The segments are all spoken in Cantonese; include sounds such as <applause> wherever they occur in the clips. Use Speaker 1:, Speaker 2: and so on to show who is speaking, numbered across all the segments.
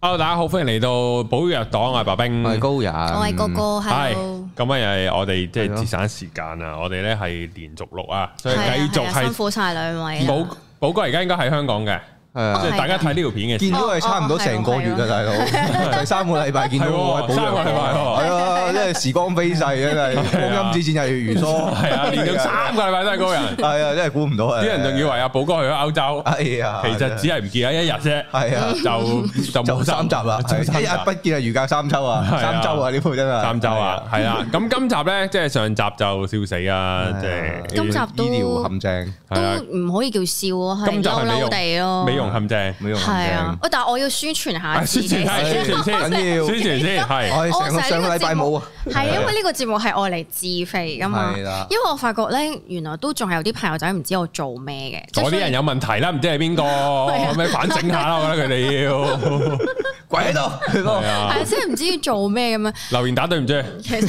Speaker 1: Hello 大家好，歡迎嚟到寶藥黨，我係白兵，我係高人，我係歌歌，係咁啊！係我哋即係節省時間啊！Yeah. 我哋咧係連續錄啊，所以繼續辛苦
Speaker 2: 晒兩位。寶寶
Speaker 3: Yeah. 哥而家應該喺香港嘅。係即係大家睇呢條片嘅，見到係差唔多成個月啊大佬，三個禮拜見到阿寶嘅禮拜，係啊，即係時光飛逝啊，光陰似箭，日月如梭，係啊，連到三個禮拜都係嗰個人，係啊，真係估唔到啊！啲人
Speaker 1: 仲以為阿寶哥去咗歐洲，係啊，其實只係唔見啊一日啫，係啊，就
Speaker 3: 就冇三集啊，一日不見啊，如隔三秋啊，三周啊呢鋪真係三周啊，係啦，
Speaker 1: 咁今集咧即係上集就笑死啊，即係今集都冚正，
Speaker 2: 都唔可以叫笑啊，係又冇地咯。
Speaker 1: 冇用陷阱，係啊，
Speaker 2: 我但係我要宣傳下。宣傳下，宣傳先
Speaker 1: 緊要，宣傳先係。我上個上個禮拜冇啊。係因為呢
Speaker 2: 個節目係我嚟自肥㗎嘛。因為我發覺咧，原來都仲係有啲朋友仔唔知我做咩嘅。我啲人有
Speaker 1: 問題啦，唔知係邊個，我咪反省下啦，我覺得佢哋要跪喺度，係啊，即係
Speaker 2: 唔知要做咩咁樣。
Speaker 1: 留言打對唔住，
Speaker 2: 其實。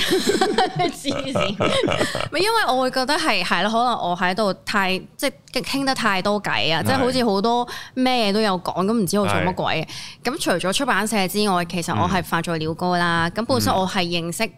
Speaker 2: 因為我會覺得係係咯，可能我喺度太即係傾得太多偈啊，即係好似好多。咩嘢都有講，咁唔知我做乜鬼？咁是除咗出版社之外，其實我係發咗料歌啦。咁、嗯、本身我係認識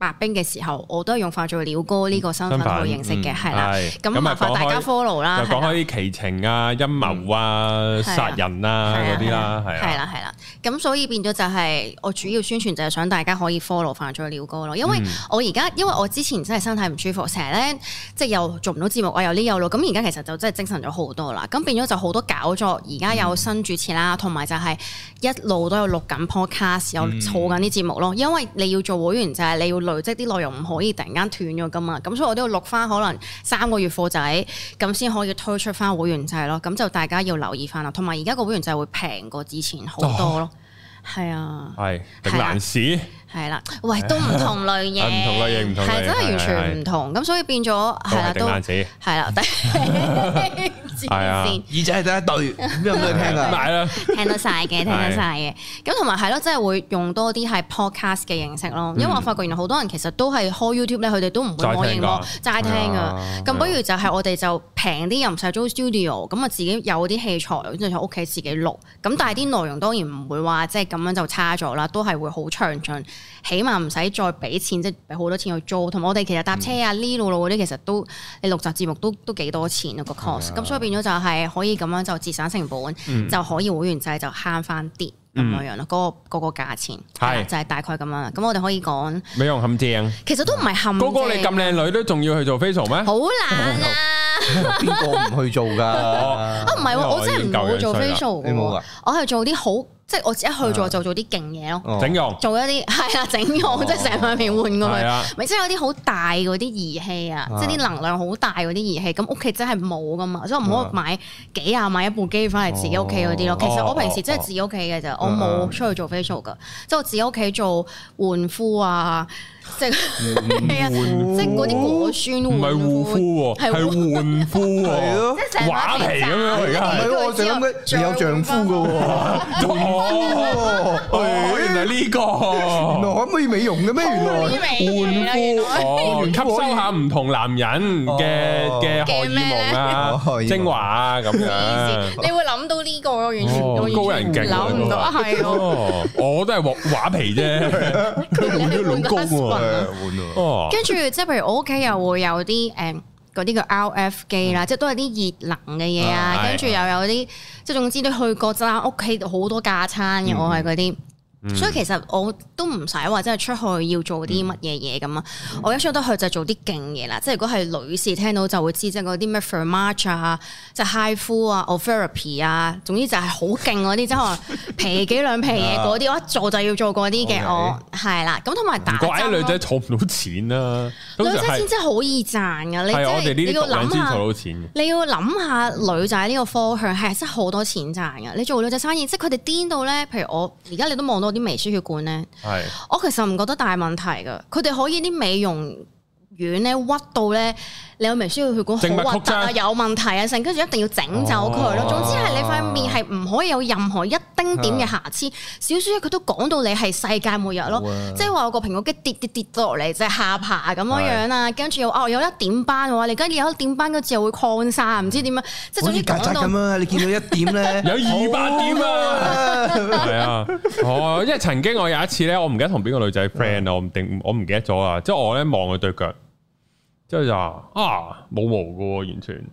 Speaker 2: 白冰嘅時候，我都係用化作鳥哥呢個身份去、嗯、認識嘅，係啦、啊。咁、嗯、那麻煩大家 follow 啦，係啦、啊。講開啲
Speaker 1: 奇情啊、陰謀啊、嗯、殺人啊嗰啲啦，係啊，係啦、啊，
Speaker 2: 係啦、啊。咁、啊啊啊啊啊、所以變咗就係我主要宣傳就係想大家可以 follow 化咗鳥哥咯，因為我而家因為我之前真係身體唔舒服，成日咧即係又做唔到節目我又呢又咯。咁而家其實就真係精神咗好多啦。咁變咗就好多搞作，而家有新主持啦，同埋就係一路都有錄緊 podcast，有儲緊啲節目咯。因為你要做會員就係你要。就是你要即係啲內容唔可以突然間斷咗噶嘛，咁所以我都要錄翻可能三個月貨仔，咁先可以推出翻會員制咯。咁就大家要留意翻啦。同埋而家個會員制會平過之前好多咯，係啊，
Speaker 1: 係咁難事，
Speaker 2: 係啦。喂，都唔同類型，唔同類型，唔
Speaker 1: 同類型，唔同，係真係完全唔
Speaker 2: 同。咁所以變咗係啦，都，難事係啦。
Speaker 3: 係啊，耳仔係得一對，咁有咩
Speaker 2: 聽啊？ <laughs> 聽得晒嘅，聽得晒嘅。咁同埋係咯，即係會用多啲係 podcast 嘅形式咯。嗯、因為我發覺原來好多人其實都係開 YouTube 咧，佢哋都唔會播影播齋聽，聽啊。咁、啊、不如就係我哋就平啲，又唔使租 studio，咁啊自己有啲器材，跟住喺屋企自己錄。咁但係啲內容當然唔會話即係咁樣就差咗啦，都係會好詳盡，起碼唔使再俾錢，即係俾好多錢去租。同埋我哋其實搭車啊，呢路路嗰啲其實都你錄集節目都都幾多錢一、啊那個 cost。咁所以咗就係可以咁樣就節省成本，嗯、就可以會員制就慳翻啲咁樣樣咯。嗰、嗯嗰個嗰、嗰個價錢係就係、是、大概咁樣啦。咁我哋可以講
Speaker 1: 美容陷阱，
Speaker 2: 其實都唔係陷阱。哥哥你咁
Speaker 1: 靚女都仲要去做 facial 咩？好難啊！邊個唔
Speaker 3: 去做噶？ <laughs> 啊唔係，我真係唔會做 facial 嘅，
Speaker 2: 我係做啲好。即係我一去做就做啲勁嘢咯整容，整容做一啲係啊，整容即係成塊面換過去，咪即係有啲好大嗰啲儀器啊，即係啲能量好大嗰啲儀器，咁屋企真係冇噶嘛，所以唔好買幾廿買一部機翻嚟自己屋企嗰啲咯。哦、其實我平時真係自己屋企嘅啫，哦、我冇出去做 facial 噶，即係、哦、我自己屋企做換膚啊。即係換夫，即係嗰啲果酸，唔係護膚，
Speaker 3: 係換膚，係咯，畫皮咁樣而家，唔係我成日諗緊，係有丈夫噶、喔， <laughs> 哦。 <laughs> 呢個原來可唔可以美容嘅咩？原來美
Speaker 1: 容？我願吸收下唔同男人嘅嘅荷爾蒙啊，精華啊咁樣。你
Speaker 2: 會諗到呢個，完全高人，嘅，諗唔到係我，
Speaker 1: 我都係畫皮啫。你係老公啊？換啊！
Speaker 3: 跟住
Speaker 2: 即係譬如我屋企又會有啲誒，嗰啲叫 RF 機啦，即係都係啲熱能嘅嘢啊。跟住又有啲即係總之你去過啦，屋企好多架撐嘅，我係嗰啲。所以其實我都唔使話即係出去要做啲乜嘢嘢咁啊！我一出得去就做啲勁嘢啦。即係如果係女士聽到就會知，即係嗰啲咩 Thermage 啊、即係 HIFU 啊、Ultherapy 啊，總之就係好勁嗰啲，即係皮幾兩皮嘢嗰啲， <laughs> 我一做就要做嗰啲嘅。我係啦。咁同埋打。嗰啲女仔
Speaker 1: 儲唔到錢啦。女仔先真
Speaker 2: 係好易賺㗎。係我哋呢啲讀女你要諗下女仔呢個方向係真係好多錢賺㗎。你做女仔生，生意，即係佢哋癲到咧。譬如我而家你都望到，到，到，到，到，到。 <music> 啲微輸血管咧，係我其實唔覺得大問題噶，佢哋可以啲美容。軟咧屈到咧，你有咪需要去講好核突啊？有問題啊？成跟住一定要整走佢咯。總之係你塊面係唔可以有任何一丁點嘅瑕疵。小說佢都講到你係世界末日咯，即係話個蘋果機跌跌跌落嚟就下巴咁樣樣啊。跟住又哦有一點斑，你而家有一點斑嗰時又會擴散，唔知點樣？即係總之扎扎咁啊！你見到一點咧，有二百點啊，係
Speaker 1: 啊。哦，因為曾經我有一次咧，我唔記得同邊個女仔 friend 我唔定我唔記得咗啊。即係我咧望佢對腳。之後就啊冇毛噶完全。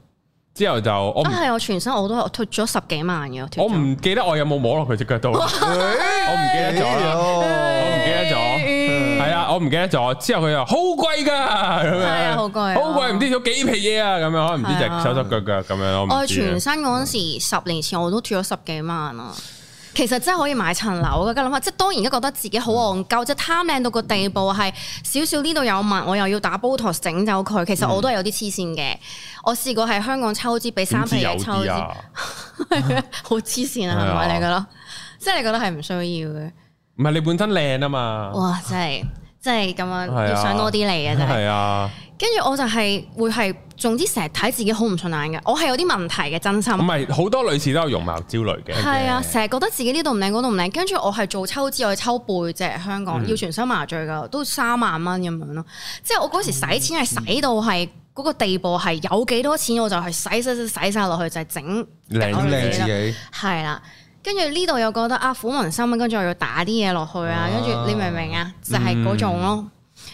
Speaker 1: 之後就我係、啊、
Speaker 2: 我全身我都我脫咗十幾萬嘅，我
Speaker 1: 唔記得我有冇摸落佢隻腳度，啊、我唔記得咗，啊、我唔記得咗，係啊，我唔記得咗、啊。之後佢又：「好貴噶咁樣，好貴，好貴， <laughs> 唔知咗幾皮嘢啊咁樣，唔知隻手手腳腳咁
Speaker 2: 樣。我全身嗰陣時十、嗯、年前我都脫咗十幾萬啊。其實真係可以買層樓嘅，咁諗下，即係當然都覺得自己好憨鳩，即係貪靚到個地步係少少呢度有物，我又要打煲托整走佢。其實我都係有啲黐線嘅，我試過喺香港抽脂俾三皮人抽脂，好黐線啊！係咪你嘅咯？即係 <laughs> <laughs> 你覺得係唔需要
Speaker 1: 嘅？唔係你本身靚啊嘛！ <laughs> 哇！
Speaker 2: 真係真係咁樣，想多啲嚟嘅。真係。 <laughs> 是 <laughs> 跟住我就係會係，總之成日睇自己好唔順眼嘅，我係有啲問題嘅，真心。唔係好
Speaker 1: 多女士都有容貌焦慮嘅。係啊，
Speaker 2: 成日覺得自己呢度唔靚，嗰度唔靚。跟住我係做抽脂，我去抽背脊，香港要全身麻醉㗎，都三萬蚊咁樣咯。即係我嗰時使錢係使到係嗰個地步，係有幾多錢我就係使晒，使晒落去就係整靚自己。係啦，跟住呢度又覺得啊苦悶心，跟住我要打啲嘢落去啊，跟住你明唔明啊？就係嗰種咯。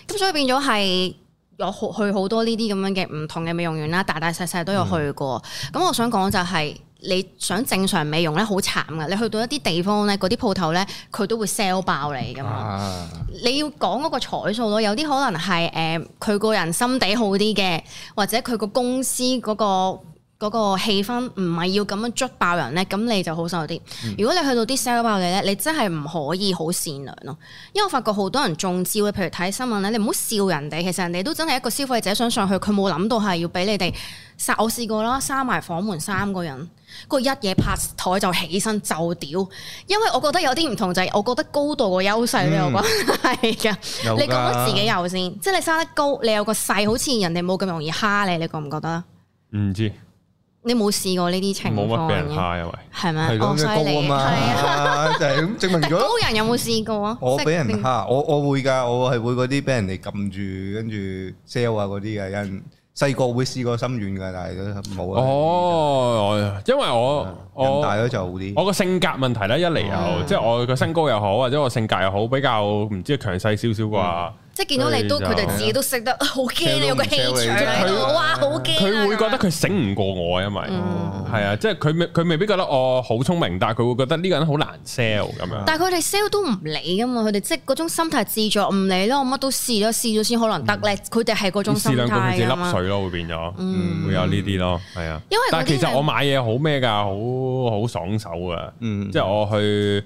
Speaker 2: 咁所以變咗係。有去好多呢啲咁樣嘅唔同嘅美容院啦，大大細細都有去過。咁、嗯、我想講就係、是、你想正常美容咧，好慘噶，你去到一啲地方咧，嗰啲鋪頭咧，佢都會 sell 爆你噶嘛。啊、你要講嗰個彩數咯，有啲可能係誒佢個人心地好啲嘅，或者佢個公司嗰、那個。嗰個氣氛唔係要咁樣捽爆人咧，咁你就好受啲。如果你去到啲 sell 爆你咧，你真係唔可以好善良咯。因為我發覺好多人中招嘅，譬如睇新聞咧，你唔好笑人哋。其實人哋都真係一個消費者想上去，佢冇諗到係要俾你哋殺。我試過啦，閂埋房門三個人，個一嘢拍台就起身就屌。因為我覺得有啲唔同就係、是，我覺得高度個優勢都有關係嘅。你、嗯、覺得 <laughs> 的的你自己有先，即係你生得高，你有個勢，好似人哋冇咁容易蝦你，你覺唔覺得？
Speaker 3: 唔知。
Speaker 2: 你冇試過呢啲情況？冇乜俾人蝦
Speaker 3: 啊，喂！係咪？係咁樣高啊嘛，係啊，就係咁證明咗高人有冇
Speaker 2: 試過啊？我俾人蝦，
Speaker 3: 我我會噶，我係會嗰啲俾人哋撳住跟住 sell 啊嗰啲嘅，有人細個會試過心軟嘅，但係都冇
Speaker 1: 啊。哦，因為我我大咗就好啲。我個性格問題咧，一嚟又即係我個身高又好，或者我性格又好，比較唔知強勢少少啩。一見到你都，佢哋自己都
Speaker 2: 識得好驚，你有
Speaker 1: 個氣場喺度，哇，好驚，佢會覺得佢醒唔過我，因為係啊，即係佢未佢未必覺得我好聰明，但係佢會覺得呢個人好難 sell 咁樣。但係
Speaker 2: 佢哋 sell 都唔理噶嘛，佢哋即係嗰種心態自作唔理咯。乜都試咗，試咗先可能得咧。佢哋係嗰種心態啊嘛。試兩個水
Speaker 1: 咯，會變咗，會有呢啲咯，係啊。因為但係其實我買嘢好咩㗎，好好爽手嘅。即係我去。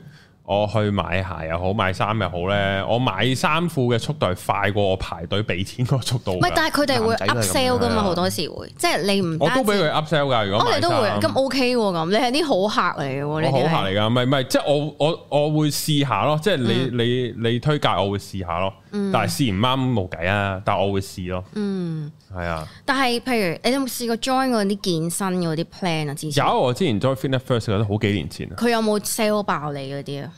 Speaker 1: 我去買鞋又好，買衫又好咧，我買衫褲嘅速度快過我排隊俾錢個速度。唔係，但係佢哋會 up sell 噶嘛，好對多
Speaker 2: 時會，即係你唔我都俾
Speaker 1: 佢 up sell 㗎。如果你都會咁
Speaker 2: OK 喎，咁你係啲好客嚟嘅喎，你好客嚟
Speaker 1: 㗎，唔係唔係，即係我我我會試下咯，即係你你你推介，我會試下咯。嗯、但係試唔啱冇計啊！但係我會試咯。嗯，係啊。
Speaker 2: 但係譬如你有冇試過 join 嗰啲健身嗰啲 plan 啊？之前
Speaker 1: 有，我之前 join Fitness First 都好幾年前啦。
Speaker 2: 佢有冇 sell 爆你嗰啲啊？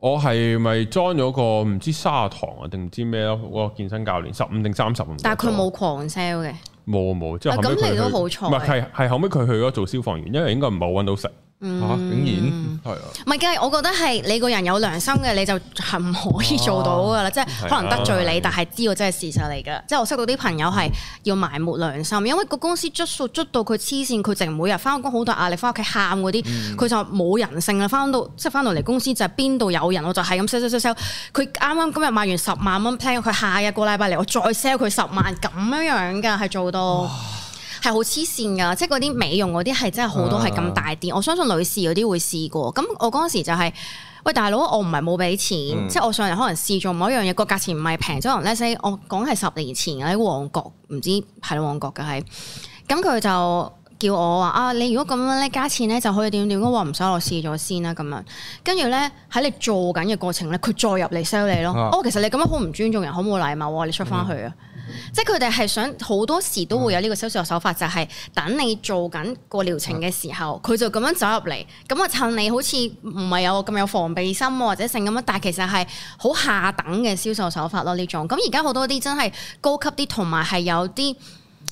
Speaker 1: 我係咪 join 咗個唔知砂糖啊定唔知咩咯？個健身教練十五定三十啊？但
Speaker 2: 係佢冇狂 sell 嘅。
Speaker 1: 冇冇，即係咁、啊、你都好彩。唔係係後尾佢去咗做消防員，因為應該唔係好揾到食。啊、竟然係啊，
Speaker 2: 唔係嘅，係我覺得係你個人有良心嘅，你就係唔可以做到噶啦，啊、即係可能得罪你，啊、但係知個真係事實嚟噶。啊、即係我識到啲朋友係要埋沒良心，因為個公司捉數捉到佢黐線，佢淨每日翻工好大壓力，翻屋企喊嗰啲，佢就冇人性啦。翻到即係翻到嚟公司就係邊度有人，我就係咁 sell。佢啱啱今日賣完十萬蚊 plan，佢下一個禮拜嚟我再 sell 佢十萬，咁樣樣噶係做到。係好黐線噶，即係嗰啲美容嗰啲係真係好多係咁大啲。啊、我相信女士嗰啲會試過。咁我嗰時就係、是、喂大佬，我唔係冇俾錢，嗯、即係我上嚟可能試做某一樣嘢，個價錢唔係平，即可能咧。我講係十年前喺旺角，唔知係旺角嘅係。咁佢就叫我話啊，你如果咁樣咧加錢咧就可以點點，我話唔使，我試咗先啦咁樣。跟住咧喺你做緊嘅過程咧，佢再入嚟 sell 你咯。啊、哦，其實你咁樣好唔尊重人，好冇禮貌，你出翻去啊！嗯即係佢哋係想好多時都會有呢個銷售手法，嗯、就係等你做緊個療程嘅時候，佢、嗯、就咁樣走入嚟，咁啊趁你好似唔係有咁有防備心或者性咁啊，但係其實係好下等嘅銷售手法咯呢種。咁而家好多啲真係高級啲，同埋係有啲。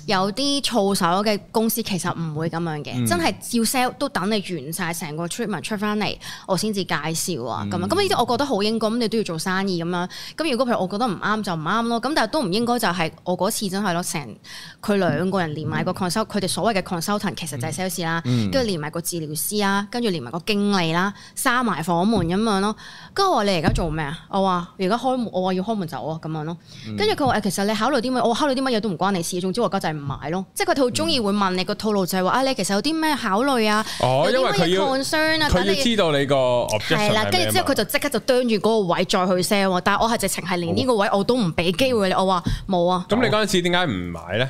Speaker 2: 有啲操守嘅公司其實唔會咁樣嘅，嗯、真係要 sell 都等你完晒成個 treatment 出翻嚟，我先至介紹啊咁、嗯、樣。咁呢啲我覺得好應該，咁你都要做生意咁樣。咁如果譬如我覺得唔啱就唔啱咯。咁但係都唔應該就係我嗰次真係咯，成佢兩個人連埋個 consult，佢哋、嗯、所謂嘅 consultant 其實就係 sales 啦，跟住、嗯、連埋個治療師啦，跟住連埋個經理啦，閂埋房門咁樣咯。跟住我話你而家做咩啊？我話而家開門，我話要開門走啊咁樣咯。跟住佢話其實你考慮啲乜？我考慮啲乜嘢都唔關你事，總之就唔買咯，即係佢好中意會問你個套路就係話、嗯、啊，你其實有啲咩考慮啊？哦，因為佢要 concern 啊，佢要,要知
Speaker 1: 道你個 objection 係啦，跟住什之後佢
Speaker 2: 就即刻就啄住嗰個位再去 sell。但係我係直情係連呢個位我都唔俾機會你，哦、我話冇啊。咁你嗰
Speaker 1: 陣時點解唔買咧？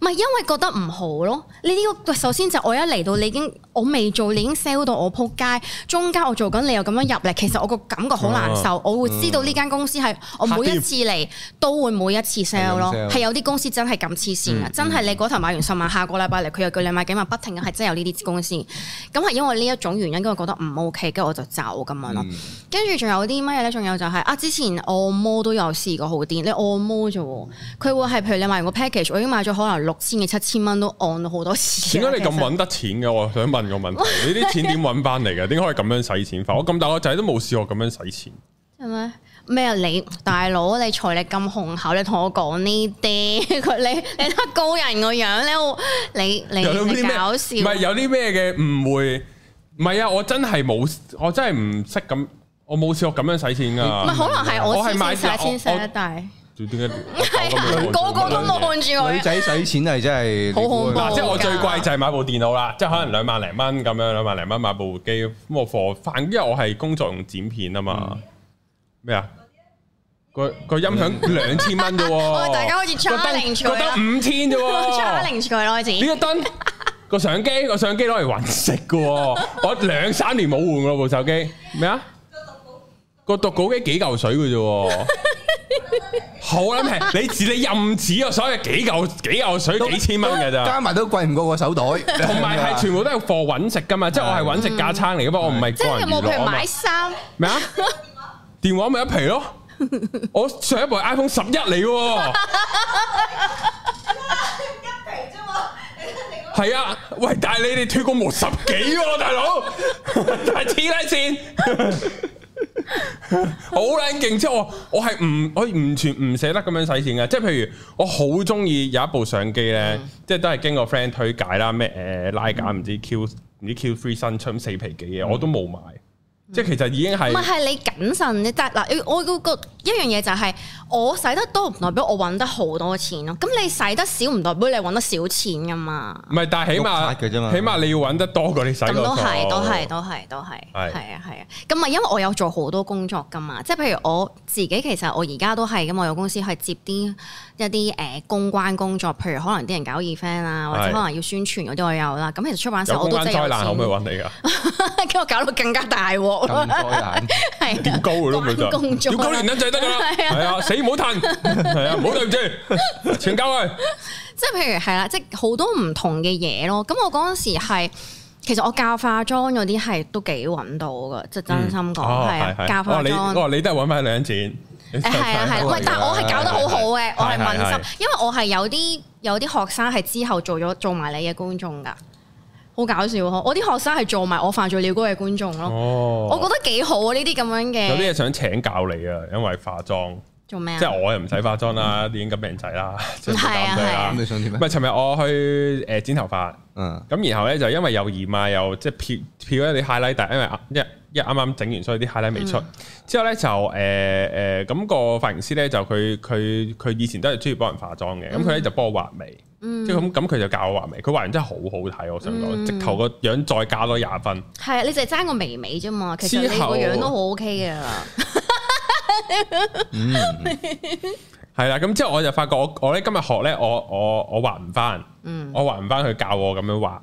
Speaker 2: 唔係因為覺得唔好咯，你呢個首先就我一嚟到你已經我未做，你已經 sell 到我撲街。中間我做緊，你又咁樣入嚟，其實我個感覺好難受。啊嗯、我會知道呢間公司係我每一次嚟都會每一次 sell 咯，係有啲公司真係咁黐線嘅，嗯嗯、真係你嗰頭買完十萬，下個禮拜嚟佢又叫你買幾萬，不停咁係真係有呢啲公司。咁係因為呢一種原因，跟住我覺得唔 OK，跟住我就走咁樣咯。跟住仲有啲乜嘢咧？仲有就係、是、啊，之前按摩都有試過好癲。你按摩啫喎，佢會係譬如你買完個 package，我已經買咗可能。六千嘅七千蚊都按咗好多次。點解你咁揾
Speaker 1: 得錢嘅？其實 我想問個問題， <laughs> 你啲錢點揾翻嚟嘅？點可以咁樣使錢法？我咁大個仔都冇試過咁樣使錢。
Speaker 2: 係咪？咩啊？你大佬，你財力咁雄厚，你同我講呢啲，你你得高人個樣你我你你，你搞笑？唔係
Speaker 1: 有啲咩嘅誤會？唔係啊！我真係冇，我真係唔識咁，我冇試過咁樣使錢噶、啊。唔係、嗯，可能係我係先使錢，使得我大。我做點解？係啊，個個都望住我。女仔使錢係真係，好好嗱，即係我最貴就係買部電腦啦，即係可能兩萬零蚊咁樣，兩萬零蚊買部機。咁我貨反，因為我係工作用剪片啊嘛。咩啊？個個音響兩千蚊啫，大家好似 charging，
Speaker 2: 得五千啫，charging，呢個燈
Speaker 1: 個相機個相機攞嚟揾食噶，我兩三年冇換過部手機。咩啊？個讀稿機幾嚿水噶啫。好啦，皮你自你任止啊，所以幾嚿幾嚿水幾千蚊嘅咋，加埋
Speaker 3: 都貴唔過個手
Speaker 1: 袋，同埋係全部都係貨揾食噶嘛，即係我係揾食架生嚟嘅，不過我唔係個人嚟嘅嘛。即係冇皮買衫咩啊？電話咪一皮咯，我上一部 iPhone 十一嚟喎。
Speaker 2: 一皮啫嘛，
Speaker 1: 係啊，喂！但係你哋脫個毛十幾喎，啊，大佬，係黐線？ <laughs> 好靚勁，即係 <laughs> 我，我係唔，我完全唔捨得咁樣使錢嘅。即係譬如，我好中意有一部相機咧，嗯、即係都係經過 friend 推介啦。咩誒、呃，拉架唔、嗯、知 Q 唔知 Q 三新春四皮嘅嘢，我都冇買。嗯即係其實已經係唔係？
Speaker 2: 你謹慎咧，但嗱，我個個個、就是、我個一樣嘢就係我使得多唔代表我揾得好多錢咯。咁你使得少唔代表你揾得少錢噶嘛？唔係，但係起碼起
Speaker 1: 碼你要揾得多過你使咁都係，都係，都係，
Speaker 2: 都係，係係啊，咁咪的因為我有做好多工作噶嘛。即係譬如我自己，其實我而家都係噶嘛，我有公司係接啲一啲誒公關工作，譬如可能啲人搞 event 啊，或者可能要宣傳嗰啲，我有啦。咁的其實出版社有公關災難，可唔可以揾你噶？跟住 <laughs> 搞到更加大喎！咁
Speaker 1: 高係點高嘅咯？咁
Speaker 2: 就點高年金制得噶啦，係啊，
Speaker 1: 死唔好嘆，係啊，唔好對唔住，請教佢，即
Speaker 2: 係譬如係啦，即係好多唔同嘅嘢咯。咁我嗰陣時係，其實我教化妝嗰啲係都幾搵到噶，即係真心講係教化妝。哦，你
Speaker 1: 你都係搵翻兩蚊錢，係啊係，唔係，但係我係搞得好好嘅，我係問心，
Speaker 2: 因為我係有啲有啲學生係之後做咗做埋你嘅觀眾噶。好搞笑，我啲學生係做埋我犯罪鳥哥嗰位觀眾咯，我覺得幾好啊！呢啲咁樣嘅有啲嘢
Speaker 1: 想請教你啊，因為化妝
Speaker 2: 做咩啊？即係我
Speaker 1: 又唔使化妝啦，已經咁靚仔啦，即
Speaker 2: 係咁樣啦。你
Speaker 1: 想點？咪尋日我去誒剪頭髮，咁然後咧就因為又而賣又即係漂咗一啲 highlight，但係因為一一啱啱整完，所以啲 highlight 未出。之後咧就誒誒，咁個髮型師咧就佢佢佢以前都係中意幫人化妝嘅，咁佢咧就幫我畫眉。嗯，即係咁，咁佢就教我畫眉，佢畫完真係好好睇。我想講，嗯、直頭個樣再加多廿分。
Speaker 2: 係啊，你就係爭個眉眉啫嘛，其實後你個樣都好 OK 嘅。嗯，
Speaker 1: 係啦、 <laughs> 嗯，咁、啊、之後我就發覺我，我咧今日學咧，我我我畫唔翻，嗯，我畫唔翻佢教我咁樣畫。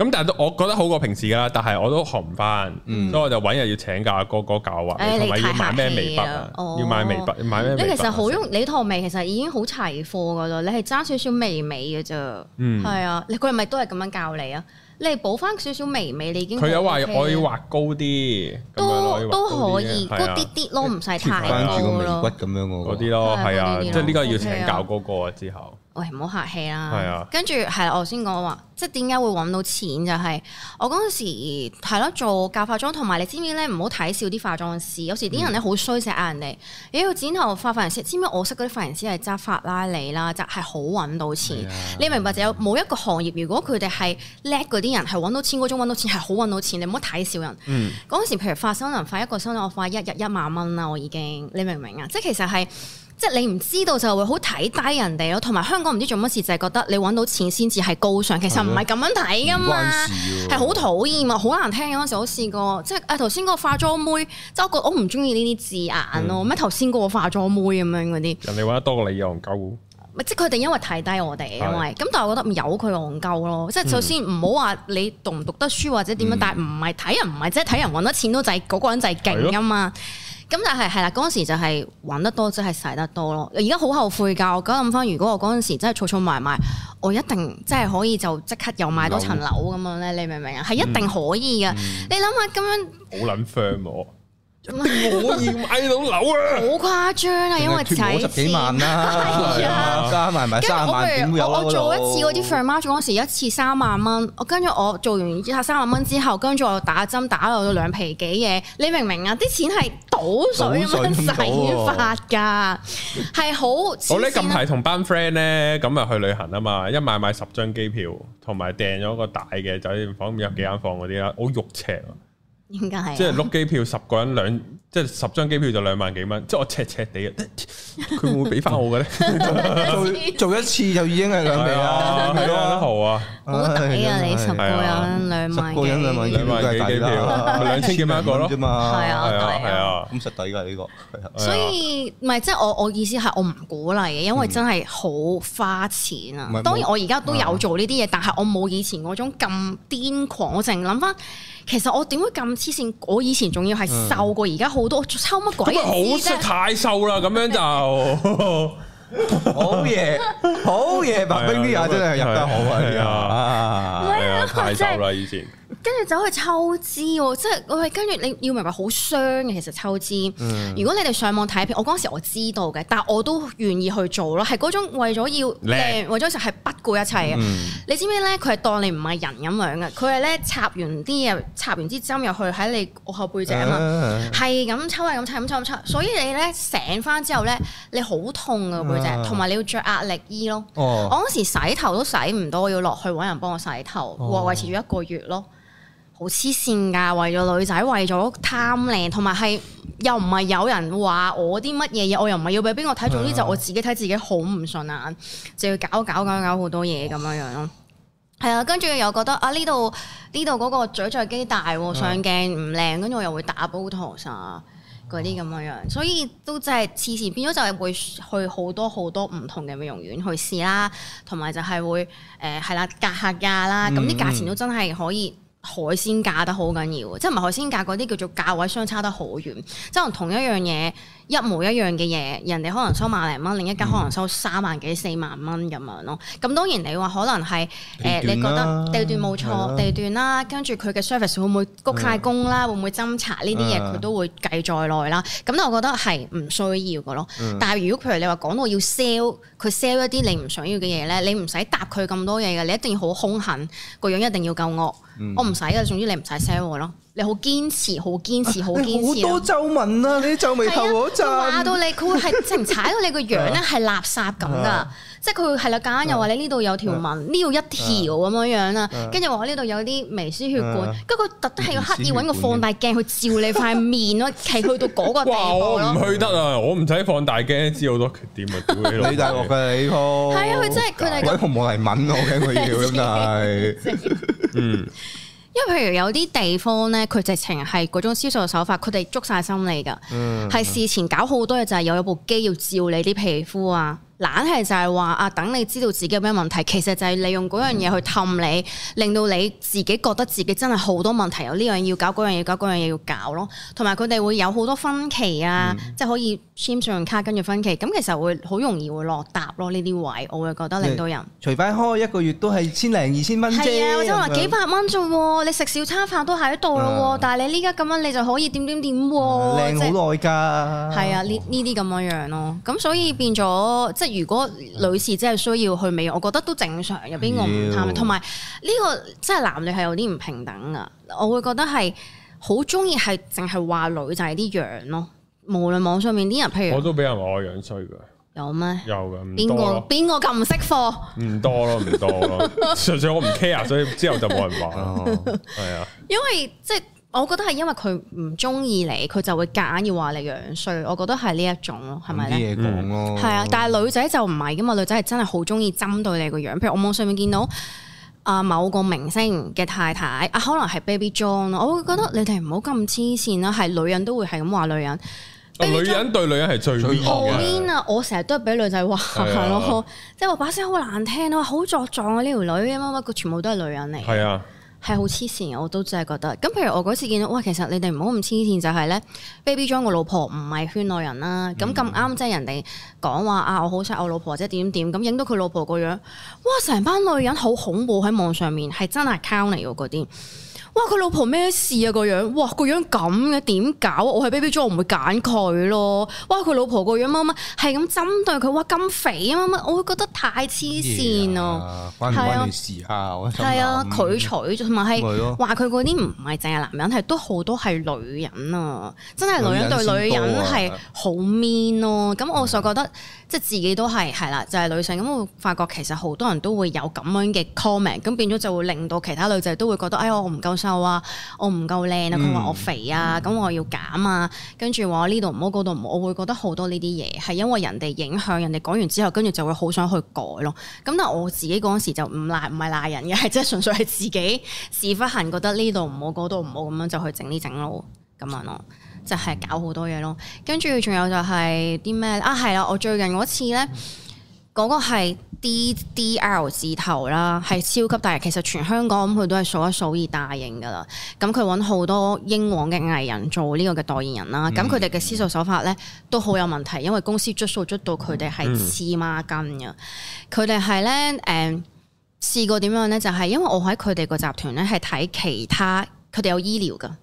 Speaker 1: 咁但係都，我覺得好過平時噶啦。但係我都學唔翻，所以我就揾日要請教阿歌歌教啊，同埋要買咩眉筆啊，要買眉筆，買咩其實好用，
Speaker 2: 你學眉其實已經好齊貨噶啦，你係爭少少眉尾噶啫。嗯，係啊，你佢係咪都係咁樣教你啊？你係補翻少少眉尾，你已經佢有話我要畫
Speaker 1: 高啲，都都可以高啲啲咯，唔使太高咯。嗰啲咯，係啊，即係呢個要請教歌歌啊，之後。
Speaker 2: 喂，唔好客氣啦。係啊。跟住係啦，我先講話，即係點解會揾到錢就係、是、我嗰陣時係咯做教化妝，同埋你知唔知咧？唔好睇小啲化妝師，嗯、有時啲人咧好衰，成日人哋。咦、呃？剪頭髮髮型師？知唔知我識嗰啲髮型師係揸法拉利啦，就係好揾到錢。啊、你明白就有冇一個行業？如果佢哋係叻嗰啲人，係揾到錢嗰種揾到錢係好揾到錢。你唔好睇小人。嗯。嗰時，譬如化新人化一個新娘，我化一日一萬蚊啦，我已經，你明唔明啊？即、就、係、是、其實係。即係你唔知道就會好睇低人哋咯，同埋香港唔知做乜事就係、是、覺得你揾到錢先至係高尚，其實唔係咁樣睇噶嘛，係好討厭啊，好難聽嗰陣時，我試過即係啊頭先個化妝妹，即係我覺得我唔中意呢啲字眼咯，咩頭先個化妝妹咁樣嗰啲，
Speaker 1: 人哋揾得多過你又戇鳩，
Speaker 2: 咪即係佢哋因為睇低我哋，因為咁，但係我覺得由佢戇鳩咯，即係首先唔好話你讀唔讀得書或者點樣，嗯、但係唔係睇人，唔係即係睇人揾得錢都就係嗰個人就係勁噶嘛。嗯咁就係係啦，嗰陣時就係揾得多，即係使得多咯。而家好後悔㗎，我覺得諗翻，如果我嗰陣時真係儲儲埋埋，我一定即係可以就即刻又買多層樓咁樣咧。想你明唔明啊？係一定可以嘅。嗯、你諗下咁樣
Speaker 1: 好撚 friend 喎。
Speaker 3: 一定
Speaker 2: 可以買到樓啊！好誇張啊，因為唔係十幾萬啦、啊，
Speaker 3: 啊、加埋埋三萬五有。我，我做一次嗰啲 Thermage
Speaker 2: 嗰時一次三萬蚊，我跟住我做完之下三萬蚊之後，跟住我打針打到兩皮幾嘢。你明唔明啊？啲錢係倒水咁洗發噶，係好。我咧近排
Speaker 1: 同班 friend 咧咁啊去旅行啊嘛，一買買十張機票，同埋訂咗個大嘅酒店房，間房間，入幾間房嗰啲啦，好肉赤。啊。
Speaker 2: 點解係？即係碌
Speaker 1: 機票十個人兩，即係十張機票就兩萬幾蚊。即係我赤赤地嘅。佢會唔會俾翻我嘅咧？
Speaker 3: 做做一次就已經係兩萬啦，幾多豪啊？好抵啊！你十個人兩萬幾？十個人
Speaker 2: 兩萬兩萬幾幾兩千幾蚊一個咯，啫嘛。係啊，係啊，係啊，
Speaker 3: 咁實抵㗎呢個。所以
Speaker 2: 唔係即係我我意思係我唔鼓勵嘅，因為真係好花錢啊。當然我而家都有做呢啲嘢，但係我冇以前嗰種咁顛狂，我淨係諗翻。其實我點會咁黐線？我以前仲要係瘦過，而家好多，我抽乜鬼好啫？
Speaker 1: 太瘦啦，咁樣就 <laughs> 好嘢，好嘢！白兵呢下真係入得好
Speaker 2: 啊，在太瘦啦， <laughs> 以前。跟住走去抽脂喎，即係我係跟住你要明白好傷嘅，其實抽脂。嗯、如果你哋上網睇片，我嗰時我知道嘅，但我都願意去做咯，係嗰種為咗要，誒叻為咗就係不顧一切嘅。嗯、你知唔知咧？佢係當你唔係人咁樣嘅，佢係咧插完啲嘢，插完支針入去喺你後背脊啊嘛、啊，係咁抽啊咁抽啊咁抽。所以你咧醒翻之後咧，你好痛啊背脊，同埋你要着壓力衣咯。哦哦、我嗰時洗頭都洗唔到，我要落去揾人幫我洗頭，話維持咗一個月咯。好黐線㗎，為咗女仔，為咗貪靚，同埋係又唔係有人話我啲乜嘢嘢，我又唔係要俾邊個睇，總之就我自己睇自己好唔順眼，就要搞搞搞搞好多嘢咁唉樣樣咯。係啊，跟住又覺得啊呢度呢度嗰個咀嚼肌大喎，上的鏡唔靚，跟住我又會打玻尿酸嗰啲咁樣樣，所以都真係次次變咗就係會去好多好多唔同嘅美容院去試啦，同埋就係會誒係啦，格客價啦，咁啲價錢都真係可以。嗯海鮮價得好緊要，即係唔係海鮮價嗰啲叫做價位相差得好遠，即係同一樣嘢。一模一樣嘅嘢，人哋可能收萬零蚊，另一間可能收三萬幾四萬蚊咁樣咯。咁、嗯、當然你話可能係誒，呃、段你覺得地段冇錯，啊、地段啦，跟住佢嘅 service 會唔會谷晒公啦，啊、會唔會針查呢啲嘢，佢、啊、都會計在內啦。咁我覺得係唔需要嘅咯。嗯、但係如果譬如你話講到要 sell，佢 sell 一啲你唔想要嘅嘢咧，你唔使答佢咁多嘢嘅，你一定要好兇狠，個樣一定要夠惡。嗯嗯、我唔使嘅，總之你唔使 sell 我咯。你好堅持，好堅持，好堅持。好多皺紋啊！
Speaker 3: 你皺眉頭嗰陣，佢話到你，
Speaker 2: 佢係即係踩到你個樣咧，係垃圾咁噶。即係佢係啦，夾硬又話你呢度有條紋，呢度一條咁樣樣啦。跟住話我呢度有啲微絲血管，跟住佢特登係要刻意揾個放大鏡去照你塊面咯，係去到嗰個地方我唔去
Speaker 1: 得啊，我唔使放大鏡，知好多缺點啊。你大鑊嘅
Speaker 3: 你鋪，係啊，佢真係佢冇嚟揾我嘅，佢要真係，嗯。
Speaker 2: 因為譬如有啲地方咧，佢直情係嗰種銷售手法，佢哋捉晒心理㗎，係、嗯、事前搞好多嘢，就係、是、有一部機要照你啲皮膚啊。懶係就係話啊，等你知道自己有咩問題，其實就係利用嗰樣嘢去氹你，令到你自己覺得自己真係好多問題，有呢樣要搞，嗰樣要搞，嗰樣嘢要搞咯。同埋佢哋會有好多分期啊，嗯、即係可以簽信用卡跟住分期。咁其實會好容易會落搭咯呢啲位，我會覺得令到人。
Speaker 3: 除返開一個月都係千零二千蚊啫，啊，我話幾百
Speaker 2: 蚊啫，你食少餐飯都喺度啦喎，啊、但係你呢家咁樣你就可以點點點，靚好
Speaker 3: 耐㗎。係啊，呢
Speaker 2: 呢啲咁樣樣咯，咁、啊啊啊、所以變咗即如果女士真係需要去美容，我覺得都正常，有邊個唔貪。同埋呢個真係男女係有啲唔平等噶，我會覺得係好中意係淨係話女仔啲樣咯。無論網上面啲人，譬如我都
Speaker 1: 俾人話我樣衰噶，
Speaker 2: 有咩
Speaker 1: 嗎？有噶，邊個
Speaker 2: 邊個咁唔識貨？
Speaker 1: 唔多咯，唔多咯。純粹 <laughs> 我唔 care，所以之後就冇人話。係
Speaker 2: 啊，因為即係。我覺得係因為佢唔中意你，佢就會夾硬要話你樣衰。我覺得係呢一種咯，係咪咧？
Speaker 3: 嘢講係啊！
Speaker 2: 但係女仔就唔係噶嘛，女仔係真係好中意針對你個樣。譬如我網上面見到啊，某個明星嘅太太啊，可能係 Baby John 咯，我會覺得你哋唔好咁黐線啦。係女人都會係咁話女人。啊、Baby John，女
Speaker 1: 人對女人係最唔好。後面
Speaker 2: 啊，我成日、啊、的都俾女仔話係咯，即係話把聲好難聽咯，好作狀啊！呢、這、條、個、女乜乜佢全部都係女人嚟。係啊的。的係好黐線，我都真係覺得。咁譬如我嗰次見到，哇！其實你哋唔好咁黐線就係咧，BabyJohn 個老婆唔係圈內人啦。咁咁啱即係人哋講話啊，我好想我老婆或者點點點，咁影到佢老婆個樣，哇！成班女人好恐怖喺網上面，係真 account 嚟嗰啲。哇！佢老婆咩事啊？個樣哇，個樣咁嘅點搞？我係 baby 裝，我唔會揀佢咯。哇！佢老婆個樣乜乜，係咁針對佢哇，咁肥啊乜乜，我會覺得太黐線咯。係、yeah,
Speaker 3: 啊，關唔關事啊？佢、啊、
Speaker 2: 取同埋係話佢嗰啲唔係淨係男人，係都好多係女人啊！真係女人對女人係好 mean 咯。咁、啊、我就覺得，即係自己都係係啦，就係、是、女性咁，我發覺其實好多人都會有咁樣嘅 comment，咁變咗就會令到其他女仔都會覺得哎呀，我唔夠。就話我唔夠靚啊，佢話、嗯、我肥啊，咁、嗯、我要減啊，跟住話呢度唔好，嗰度唔好，我會覺得好多呢啲嘢係因為人哋影響，人哋講完之後，跟住就會好想去改咯。咁但係我自己嗰時就唔賴，唔係賴人嘅，係即係純粹係自己時忽閒覺得呢度唔好，嗰度唔好，咁樣就去整呢整咯，咁樣咯，就係搞好多嘢咯。跟住仲有就係啲咩啊？係啦，我最近嗰次咧。嗯嗰個係 D D L 字頭啦，係超級大，其實全香港咁佢都係數一數二大型噶啦。咁佢揾好多英皇嘅藝人做呢個嘅代言人啦。咁佢哋嘅銷售手法呢，都好有問題，因為公司捽數捽到佢哋係黐孖筋嘅。佢哋係呢，誒、呃、試過點樣呢？就係、是、因為我喺佢哋個集團呢，係睇其他，佢哋有醫療噶，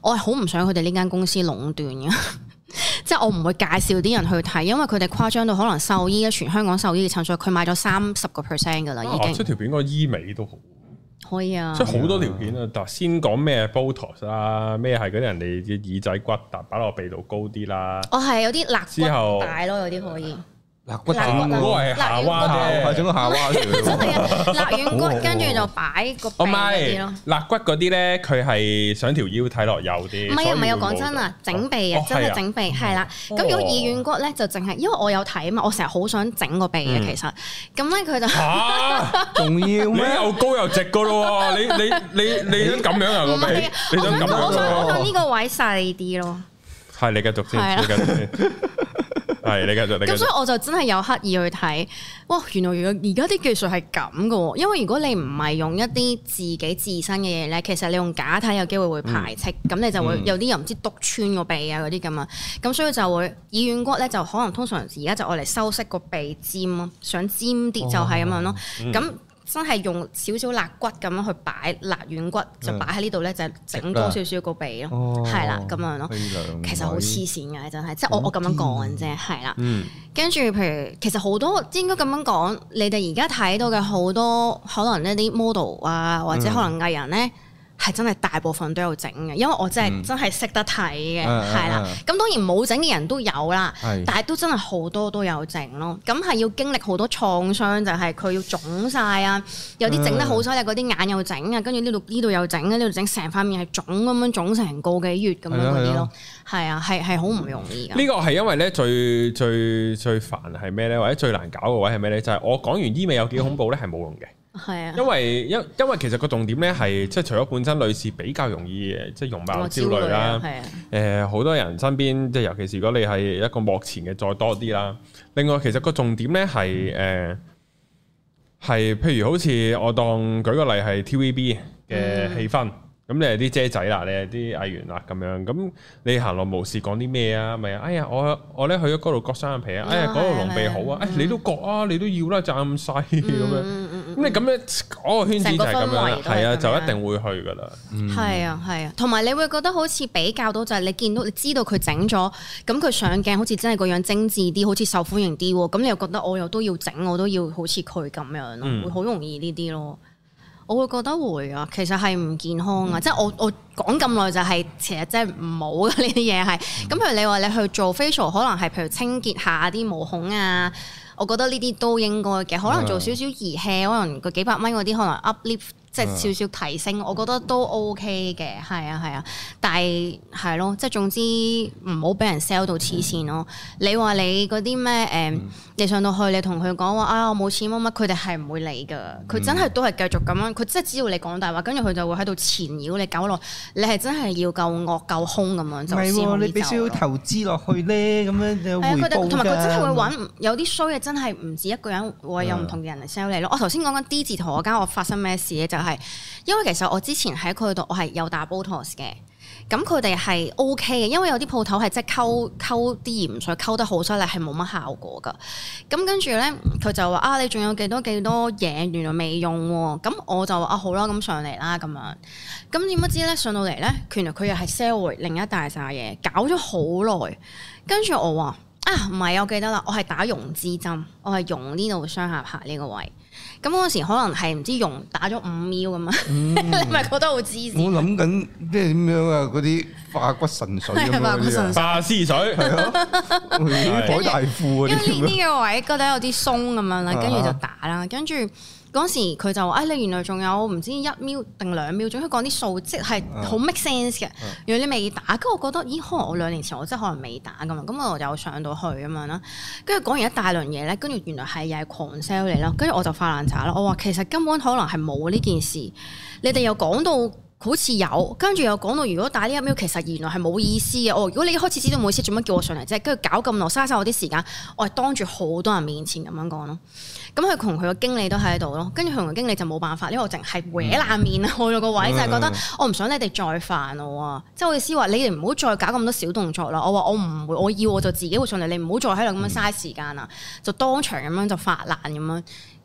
Speaker 2: 我係好唔想佢哋呢間公司壟斷嘅。即係我唔會介紹啲人去睇，因為佢哋誇張到可能獸醫啊，全香港獸醫嘅診所，佢買咗三十個 percent 噶啦，已經。出所
Speaker 1: 條片應該醫美都好。
Speaker 2: 可以啊，即好
Speaker 1: 多條片啊，的但先講咩 Botox 啊，咩係嗰啲人哋嘅耳仔骨，突，係擺落鼻度高啲啦。我
Speaker 2: 係有啲辣之後大咯，有啲後可以。
Speaker 1: 肋骨軟骨係下彎嘅，整個下彎。真係啊！肋軟骨跟住就
Speaker 2: 擺個鼻咯。唔係，
Speaker 1: 肋骨嗰啲咧，佢係想條腰睇落幼啲。唔係啊，唔係啊，講真啊，
Speaker 2: 整鼻啊，真係整鼻，係啦。咁如果耳軟骨咧，就淨係，因為我有睇啊嘛，我成日好想整個鼻嘅，其實。咁咧佢就吓，
Speaker 1: 仲要你又高又直噶咯？你你你你想咁樣啊？我想我想呢
Speaker 2: 個位細啲咯。
Speaker 1: 係你繼續先。係，你咁 <laughs> 所以我
Speaker 2: 就真係有刻意去睇，哇！原來而家啲技術係咁嘅，因為如果你唔係用一啲自己自身嘅嘢咧，其實你用假體有機會會排斥，咁、嗯、你就會有啲人唔知篤穿個鼻啊嗰啲咁啊，咁所以就會耳軟骨咧就可能通常而家就愛嚟修飾個鼻尖咯，想尖啲就係咁樣咯，咁。真係用少少肋骨咁樣去擺肋軟骨，嗯、就擺喺呢度咧，就整、是、多少少個鼻咯，係啦咁樣咯。非常 其實好黐線㗎，真係，即係我我咁樣講啫，係啦。跟住、嗯、譬如，其實好多應該咁樣講，你哋而家睇到嘅好多可能咧啲 model 啊，嗯、或者可能藝人咧。係真係大部分都有整嘅，因為我真係真係識得睇嘅，係啦。咁當然冇整嘅人都有啦，是的 但係都真係好多都有整咯。咁係要經歷好多創傷，就係、是、佢要腫晒啊。
Speaker 3: 有啲整得好彩，
Speaker 2: 嗰啲眼又整啊，跟住呢度呢度又整，呢度整成塊面係腫咁樣，腫成個幾月咁樣嗰啲咯。係啊，係係好唔容易。
Speaker 1: 呢個係因為咧最最最煩係咩咧？或者最難搞嘅位係咩咧？就係、是、我講完醫美有幾恐怖咧，係冇用嘅。係啊，因為因因為其實個重點咧，係即係除咗本身女士比較容易即係容貌焦慮啦，誒，好、呃、多人身邊即係尤其是如果你係一個幕前嘅，再多啲啦。另外其實個重點咧，係誒係譬如好似我當我舉個例係 TVB 嘅氣氛，咁、嗯嗯、你係啲姐仔啦，你係啲藝員啦，咁樣咁你行路無事講啲咩啊？咪、就是、哎呀，我我咧去咗嗰度割雙眼皮啊，嗯、哎呀嗰度隆鼻好啊，嗯、哎呀你都割啊，你都要啦，賺咁細咁樣。嗯
Speaker 2: 咁你咁樣嗰個圈子就係咁樣，係啊，就一定會
Speaker 1: 去噶啦。係
Speaker 2: 啊，係啊，同埋你會覺得好似比較到就係、是、你見到，你知道佢整咗，咁佢上鏡好似真係個樣精緻啲，好似受歡迎啲喎。咁你又覺得我又都要整，我都要好似佢咁樣咯，嗯、會好容易呢啲咯。我會覺得會啊，其實係唔健康啊，即係、嗯、我我講咁耐就係、是、其實真係唔好㗎呢啲嘢係。咁譬如你話你去做 facial，可能係譬如清潔下啲毛孔啊。我覺得呢啲都應該嘅，可能做少少儀器，可能個幾百蚊嗰啲，可能 uplift。即係少少提升，我覺得都 OK 嘅，係啊係啊，但係係咯，即係、啊、總之唔好俾人 sell 到黐線咯。嗯、你話你嗰啲咩誒？你上到去你，你同佢講話啊，我冇錢乜乜，佢哋係唔會理㗎。佢真係都係繼續咁樣，佢即係只要你講大話，跟住佢就會喺度纏繞你搞，搞落你係真係要夠惡夠兇咁、嗯嗯、樣就先會走。你俾少少投
Speaker 3: 資落去咧，咁樣有回報㗎。同埋佢真係會揾
Speaker 2: 有啲衰嘅，真係唔止一個人，會有唔同嘅人嚟 sell 你咯。嗯嗯嗯、我頭先講緊 D 字圖我間，我發生咩事咧就是。係，因為其實我之前喺佢度，我係有打 botox 嘅，咁佢哋係 OK 嘅，因為有啲鋪頭係即係溝溝啲鹽水，溝得好犀利，係冇乜效果噶。咁跟住咧，佢就話啊，你仲有幾多幾多嘢，原來未用、啊，咁、嗯、我就話啊，好啦，咁上嚟啦，咁樣，咁、嗯、點不知咧，上到嚟咧，原來佢又係 sell 回另一大紮嘢，搞咗好耐，跟住我話啊，唔係，我記得啦，我係打溶脂針，我係用呢度雙下巴呢個位。咁嗰陣時可能係唔知用打咗五秒咁啊，嗯、 <laughs> 你咪覺得好知？我
Speaker 3: 諗緊即係點樣啊？嗰啲化骨神水咁樣，化屍水，
Speaker 2: 海大
Speaker 3: 富啊！因為呢個
Speaker 2: 位覺得有啲鬆咁樣啦，跟住就打啦，啊、哈跟住。嗰時佢就話，哎，你原來仲有唔知一秒定兩秒鐘，佢講啲數，oh. 即係好 make sense 嘅。Oh. 原來你未打，跟住我覺得，咦？可能我兩年前我真係可能未打噶嘛，咁我就上到去咁樣啦。跟住講完一大輪嘢咧，跟住原來係又係狂 sell 嚟咯。跟住我就發爛渣啦，我話其實根本可能係冇呢件事。你哋又講到。好似有，跟住又講到，如果打呢一 mail 其實原來係冇意思嘅。哦，如果你一開始知道冇意思，做乜叫我上嚟即係？跟住搞咁耐，嘥晒我啲時間。我係當住好多人面前咁樣講咯。咁佢同佢個經理都喺度咯。跟住佢同佢經理就冇辦法，因為我淨係搲爛面，去咗個位，就係覺得我唔想你哋再煩我、啊。即係、嗯、我意思話，你哋唔好再搞咁多小動作啦。我話我唔會，我要我就自己會上嚟。你唔好再喺度咁樣嘥時間啦。嗯、就當場咁樣就發爛咁樣，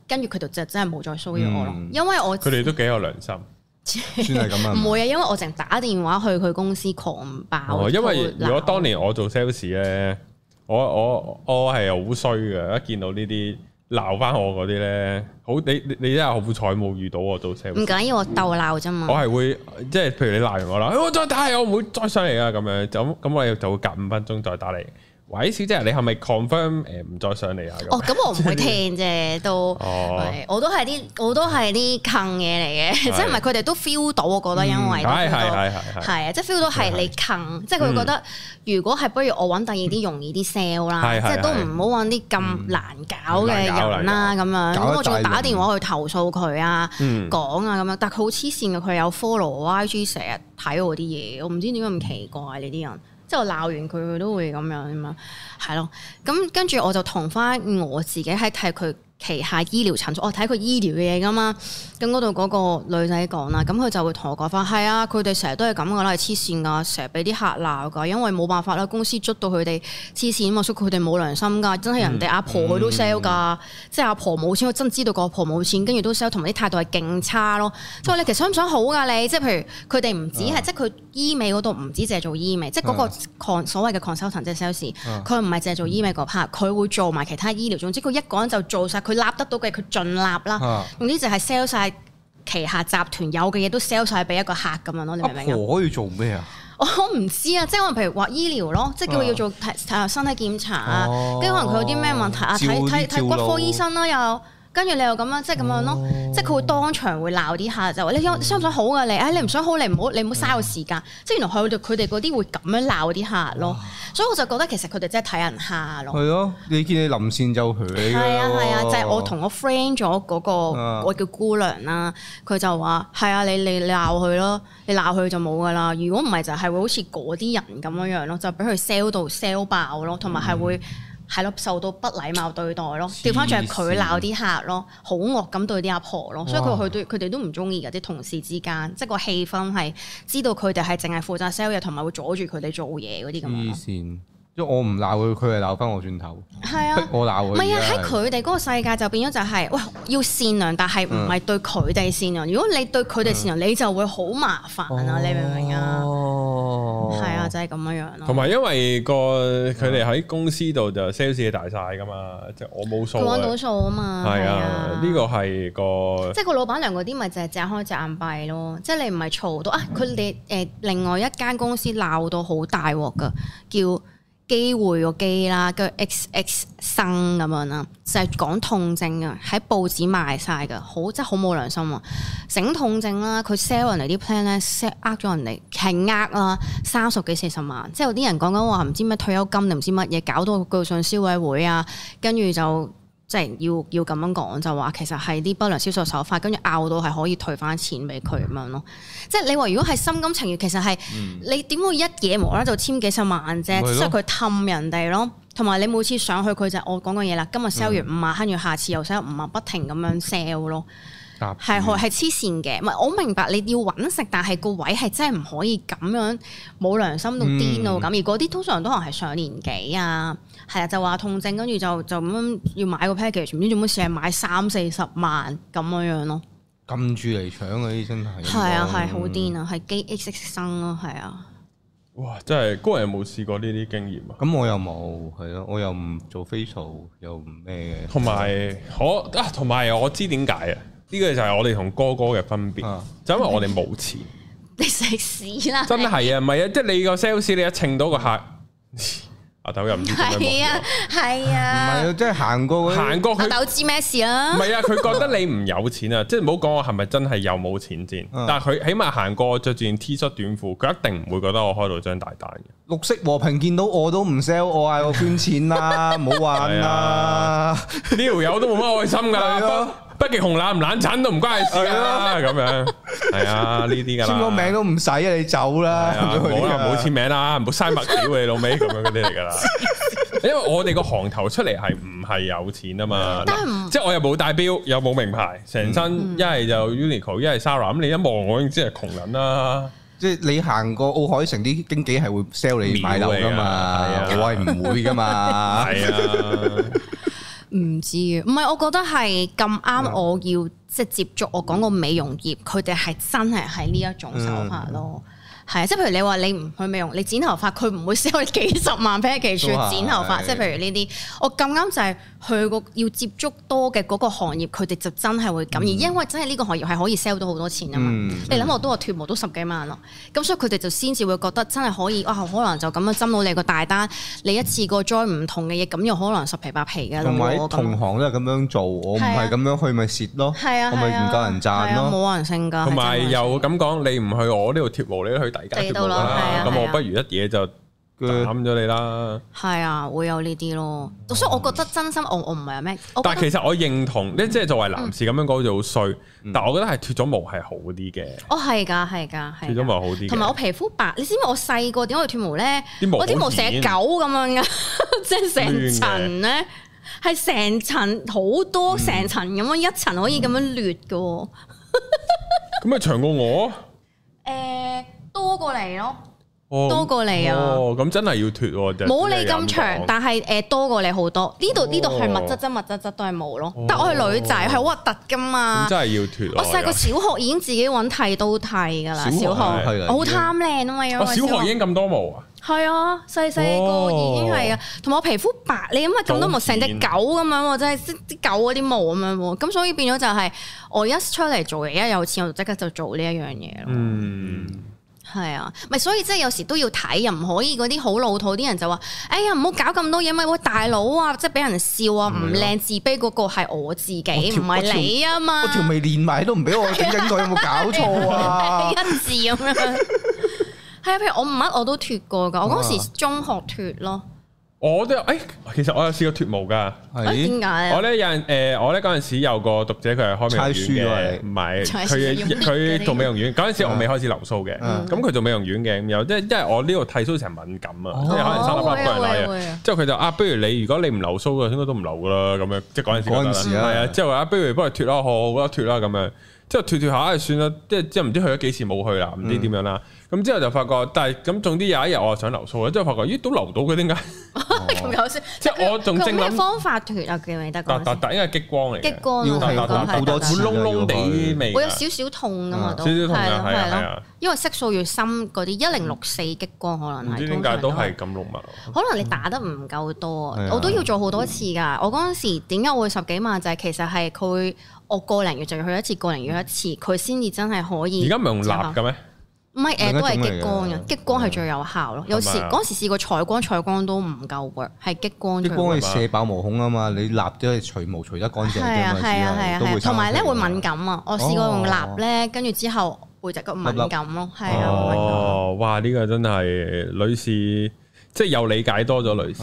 Speaker 2: 跟住佢就真真係冇再騷擾我咯。嗯、因為我佢哋
Speaker 1: 都幾有良心。算係咁啊！唔 <laughs> 會
Speaker 2: 啊，因為我淨係打電話去佢公司狂爆、哦。因為如果
Speaker 1: 當年我做 sales 咧， <laughs> 我我我係好衰噶，一見到呢啲鬧翻我嗰啲咧，好你你真係好彩冇遇到我做 sales。唔緊
Speaker 2: 要，我鬥鬧啫嘛。我係
Speaker 1: 會即係，就是、譬如你鬧完我啦，我再打，我唔會再上嚟噶。咁樣咁咁，我就會隔五分鐘再打你。喂，小姐，你係咪 confirm 誒唔再上嚟啊？
Speaker 2: 哦，咁我唔會聽啫，都係我都係啲我都係啲坑嘢嚟嘅，即係唔係佢哋都 feel 到？我覺得因為都係啊，即係 feel 到係你坑，即係佢覺得如果係不如我揾第二啲容易啲 sell 啦，即係都唔好揾啲咁難搞嘅人啦咁樣。咁我仲打電話去投訴佢啊，講啊咁樣。但係佢好黐線嘅，佢有 follow 我 IG 成日睇我啲嘢，我唔知點解咁奇怪呢啲人。即我鬧完佢，佢都會咁樣啊嘛，係、嗯、咯，咁跟住我就同翻我自己喺睇佢。旗下醫療診所，我睇佢醫療嘅嘢㗎嘛，咁嗰度嗰個女仔講啦，咁佢就會同我講返，係啊，佢哋成日都係咁㗎啦，係黐線㗎，成日俾啲客鬧㗎，因為冇辦法啦，公司捉到佢哋黐線啊，捉佢哋冇良心㗎，真係人哋阿、嗯、婆佢都 sell 㗎，嗯、即係阿婆冇錢，佢真知道個阿婆冇錢，跟住都 sell，同埋啲態度係勁差咯，即係你其實想唔想好㗎你？即係譬如佢哋唔止係即係佢醫美嗰度唔止凈係做醫美，啊、即係嗰個所謂嘅 consultant 即係 sales，佢唔係凈係做醫美嗰 part，佢會做埋其他醫療，總之佢一個人就做晒。佢攬得到嘅佢盡攬啦，呢、啊、就係 sell 晒旗下集團有嘅嘢都 sell 晒俾一個客咁樣咯，你明唔明？阿婆可
Speaker 3: 以做咩啊？
Speaker 2: 我唔知啊，即係可能譬如話醫療咯，即係叫佢要做體啊身體檢查啊，跟住可能佢有啲咩問題啊，睇睇睇骨科醫生啦、啊、又。跟住你又咁樣，就是樣哦、即係咁樣咯，即係佢會當場會鬧啲客，就話你想，想唔想好噶、嗯、你？哎，你唔想好，你唔好，你唔好嘥我時間。嗯、即係原來佢哋佢哋嗰啲會咁樣鬧啲客咯，哦、所以我就覺得其實佢哋真係睇人下咯。係
Speaker 3: 咯，你見你臨線就去。係啊係啊，就係、係、我同
Speaker 2: 我 friend 咗嗰、嗰個我叫姑娘啦，佢就話係啊，你你你鬧佢咯，你鬧佢就冇噶啦。如果唔係就係會好似嗰啲人咁樣樣咯，就俾佢 sell 到 sell 爆咯，同埋係會。嗯係咯，受到不禮貌對待咯，調翻轉係佢鬧啲客咯，好惡咁對啲阿婆咯，哇所以佢佢對佢哋都唔中意嘅，啲同事之間，即係個氣氛係知道佢哋係淨係負責 sell 嘢，同埋會阻住佢哋做嘢嗰啲咁
Speaker 3: 樣。我唔鬧佢，佢係鬧翻我轉頭。係啊，我鬧佢。唔係啊，喺佢
Speaker 2: 哋嗰個世界就變咗就係、是，哇！要善良，但係唔係對佢哋善良。如果你對佢哋善良，嗯、你就會好麻煩啊！哦、你明唔明啊？
Speaker 1: 係啊，就係、
Speaker 2: 是、咁樣樣、
Speaker 1: 啊、咯。同埋因為、那個佢哋喺公司度就 sales 嘢大晒㗎嘛，即係我冇數。佢搵到數啊嘛。係啊，呢個係個。即係
Speaker 2: 個老闆娘嗰啲，咪就係隻眼開隻眼閉咯。即係你唔係嘈到啊！佢哋誒另外一間公司鬧到好大鑊㗎，叫。機會個機啦，跟住 X X 生咁樣啦，就係講痛症啊，喺報紙賣晒噶，好真係好冇良心啊！整痛症啦，佢 sell 人哋啲 plan 咧，呃咗人哋，係呃啦，三十幾四十萬，即係有啲人講緊話唔知咩退休金定唔知乜嘢，搞到佢上消委會啊，跟住就。即係要要咁樣講，就話其實係啲不良銷售手法，跟住拗到係可以退翻錢俾佢咁樣咯。即係你話如果係心甘情願，其實係、嗯、你點會一嘢無啦啦就簽幾十萬啫？啊、即係佢氹人哋咯。同埋你每次上去佢就我講講嘢啦，今日 sell 完五萬，跟住、嗯、下次又 sell 五萬，不停咁樣 sell 咯。係係黐線嘅，唔係我明白你要揾食，但係個位係真係唔可以咁樣冇良心到癲到咁。嗯、而嗰啲通常都可能係上年紀啊。係啊，就話痛症，跟住就就咁樣要買個 package，唔知做乜事係買三四十萬咁樣樣咯。
Speaker 3: 撳住嚟搶嗰啲真係係啊，係好
Speaker 2: 癲啊，係機 x 式生咯，係啊。啊
Speaker 1: 哇！真係哥，有冇試過呢啲經驗啊？咁我又冇，係咯、啊，我又唔做 sales，又唔咩嘅。同埋我啊，同埋我知點解啊？呢個就係我哋同哥哥嘅分別，就因為我哋冇錢。
Speaker 2: 你食屎啦！真
Speaker 1: 係啊，唔係啊，即係你個 sales，你一稱到個客。 <laughs> 阿頭又唔知
Speaker 2: 啊，係啊，
Speaker 1: 唔係啊，即係行過，行過佢都
Speaker 2: 知咩事啊？唔、就、係、是、啊，佢覺
Speaker 1: 得你唔有錢啊， <laughs> 即係唔好講我係咪真係又冇錢先、啊。但係佢起碼行過，着件 T 恤短褲，佢一定唔會覺得我開到張大單
Speaker 3: 嘅。綠色和平見到我都唔 sell 我啊，我捐錢啦、啊，唔好 <laughs> 玩啦、啊，呢條友都冇乜愛心噶啦。
Speaker 1: 北極熊冷唔冷？產都唔關你事咯，咁樣係啊，呢啲噶啦。簽個
Speaker 3: 名都唔使啊，你走啦。冇
Speaker 1: 簽、啊、 <laughs> 名啦，唔好嘥物屌你老味。咁樣嗰啲嚟噶啦。因為我哋個行頭出嚟係唔係有錢啊嘛，但不 即係我又冇戴表，又冇名牌，成身一係就 Uniqlo，一係 Sarah。咁你一望我已經知係窮人啦。
Speaker 3: 即係你行過奧海城啲經紀係會 sell 你買樓噶嘛？我係唔會噶嘛。啊。
Speaker 2: 唔知啊，唔係，我覺得係咁啱我要即係、就是、接觸我講個美容業，佢哋係真係喺呢一種手法咯。係啊、嗯，即係譬如你話你唔去美容，你剪頭髮，佢唔會 sell 幾十萬 pair 嘅錢剪頭髮。即係的譬如呢啲，我咁啱就係、是。佢個要接觸多嘅嗰個行業，佢哋就真係會咁，而因為真係呢個行業係可以 sell 到好多錢啊嘛！你諗我都話脫毛都十幾萬咯，咁所以佢哋就先至會覺得真係可以哇！可能就咁樣針到你個大單，你一次過栽唔同嘅嘢，咁又可能十皮八皮嘅。同埋同
Speaker 3: 行都係咁樣做，我唔係咁樣去咪蝕咯，我咪唔夠人賺咯。冇人
Speaker 2: 性噶，同埋又
Speaker 3: 咁講，你唔去
Speaker 1: 我呢度脫毛，你去第間貼，咁我不如一嘢就。砍咗你啦！
Speaker 2: 係啊，會有呢啲咯，所以我覺得真心，我我唔係咩，但係其實
Speaker 1: 我認同，你即係作為男士咁樣講就好衰。但我覺得係脱咗毛係好啲嘅。
Speaker 2: 哦，係噶，係噶，
Speaker 1: 脱咗毛好啲，同埋我
Speaker 2: 皮膚白。你知唔知我細個點解會脱毛咧？啲毛，我啲毛成狗咁樣噶，即係成層咧，係成層好多，成層咁樣一層可以咁樣捋噶。
Speaker 1: 咁咪長過我？
Speaker 2: 誒，多過你咯。
Speaker 1: 多過你啊！咁真係要脫，冇你咁長，但
Speaker 2: 係誒多過你好多。呢度呢度係密質質，密質質都係毛咯。得我係女仔，係好核突㗎
Speaker 1: 嘛！真係要脫！我細個小
Speaker 2: 學已經自己揾剃刀剃㗎啦。小學係啦，我好貪靚啊嘛！小學已經咁多毛啊？係啊，細細個已經係啊，同埋我皮膚白，你諗下咁多毛，成隻狗咁樣喎，真係啲狗嗰啲毛咁樣喎。咁所以變咗就係我一出嚟做嘢，一有錢我就即刻就做呢一樣嘢咯。係啊，咪所以即係有時都要睇，又唔可以嗰啲好老土啲人就話，哎呀唔好搞咁多嘢咪，喂大佬啊，即係俾人笑啊，唔靚自卑嗰個係我自己，唔係的你啊嘛，條
Speaker 3: 眉連埋都唔俾我，整整佢有冇搞錯啊？有有錯啊一
Speaker 2: 字咁樣，係 <laughs> 啊，譬如我唔乜我都脱過噶，我嗰時中學脱咯。我都，哎，
Speaker 1: 其實我有試過脱毛噶嗎。我咧有陣，誒，我咧嗰陣時有個讀者佢係開美容院嘅，唔係佢佢做美容院。嗰陣時我未開始留鬚嘅，咁佢做美容院嘅，有即係因為我呢度剃鬚成敏感啊，即係可能三三八個人買啊。之後佢就啊，不如你如果你唔留鬚嘅，應該都唔留噶啦，咁樣即係嗰陣時。嗰陣時啦。係啊，之後話啊，不如幫佢脱啦，好，幫佢脱啦，咁樣。即係脫脫下就算啦，即係即係唔知去咗幾次冇去啦，唔知點樣啦。咁之後就發覺，但係咁，總之有一日我就想留數啦。之後發覺咦，都留到嘅，點解？咁
Speaker 2: 搞笑！即係我仲用咩方法脱啊？記唔記得？嗱嗱
Speaker 1: 嗱，應該激光嚟嘅，激光，激光，好多窿窿地味。會有少
Speaker 2: 少痛噶嘛？少少痛係因為色素越深嗰啲，一零六四激光可能係。唔知點解都係咁濃密。可能你打得唔夠多，我都要做好多次噶。我嗰陣時點解會十幾萬，就係其實係佢。我個零月就要去一次，一個零月一次，佢先至真係可以。而家唔係用蠟嘅咩？唔係、啊，誒都係激光嘅，激光係最有效咯。是是有時嗰時試過彩光、彩光都唔夠 work，係激光。激光要射
Speaker 3: 爆毛孔啊嘛！你蠟都係除毛除得乾淨嘅，係啊係啊係啊，同埋咧會
Speaker 2: 敏感啊！我試過用蠟咧，跟住之後會隻腳敏感咯，係啊、哦。哦，
Speaker 1: 哇！呢、呢個真係女士。即係又理解多咗女士，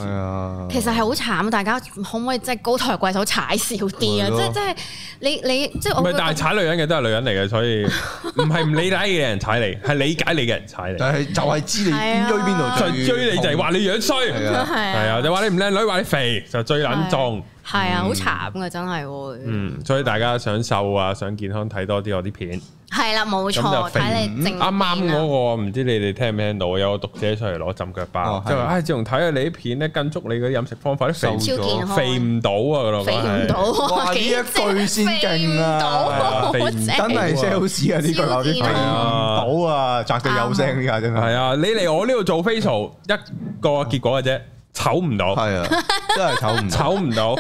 Speaker 1: 其實係
Speaker 2: 好慘。大家可唔可以即係高抬貴手踩少啲啊？即係即係你你即係唔係？但係踩
Speaker 1: 女人嘅都係女人嚟嘅，所以唔係唔理解嘅人踩你，係理解你嘅人踩你。但係
Speaker 3: 就係知你追邊度，最、啊、追你就係話你樣
Speaker 1: 衰，係啊、係啊、係啊，就話、係啊、你唔靚女，話你肥就最撚中。
Speaker 2: 係啊，好慘嘅，真係會。嗯，
Speaker 1: 所以大家想瘦啊，想健康睇多啲我啲片。
Speaker 2: 係啦，冇錯。咁就肥。啱啱
Speaker 1: 嗰個唔知你哋聽唔聽到？有個讀者出嚟攞浸腳包，就話：，唉，自從睇下你啲片咧，跟足你嘅飲食方法，都肥超健康，肥唔到啊！肥唔到。
Speaker 3: 哇！呢一句先勁啊！肥，真係 sales 啊！呢句有啲肥唔
Speaker 1: 到啊！扎到有聲，呢下真係。係啊，你嚟我呢度做 facial 一個結果嘅啫。醜唔到，係啊，
Speaker 3: 真係醜
Speaker 1: 唔醜唔到，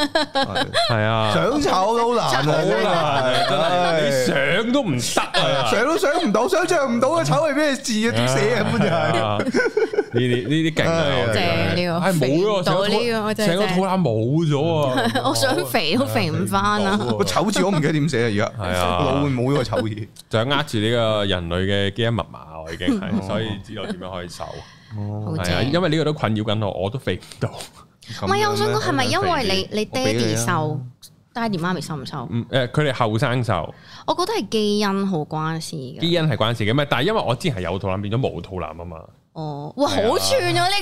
Speaker 3: 係啊，想醜都難啊，難，你想都唔得，想都想唔到，想象唔到嘅醜係咩字啊，點寫啊，咁就
Speaker 1: 係呢啲呢啲勁正
Speaker 2: 呢個，冇咗，成個肚
Speaker 1: 腩冇咗
Speaker 2: 啊，我想肥都肥唔翻啊，個醜
Speaker 1: 字我唔記得點寫啊，而家係啊，老會冇咗個醜字，就係扼住呢個人類嘅基因密碼，
Speaker 2: 我已經係，所以
Speaker 1: 知道點樣可以醜。係因為呢個都困擾緊我，我都肥唔到。唔係啊，我想講係咪因為你你爹哋瘦，
Speaker 2: 爹哋媽咪瘦唔瘦？
Speaker 1: 誒，佢哋後生瘦。
Speaker 2: 我覺得係基因好關事。基
Speaker 1: 因係關事嘅，咩？但係因為我之前係有肚腩，變咗冇肚腩啊嘛。
Speaker 2: 哦，哇，好串啊呢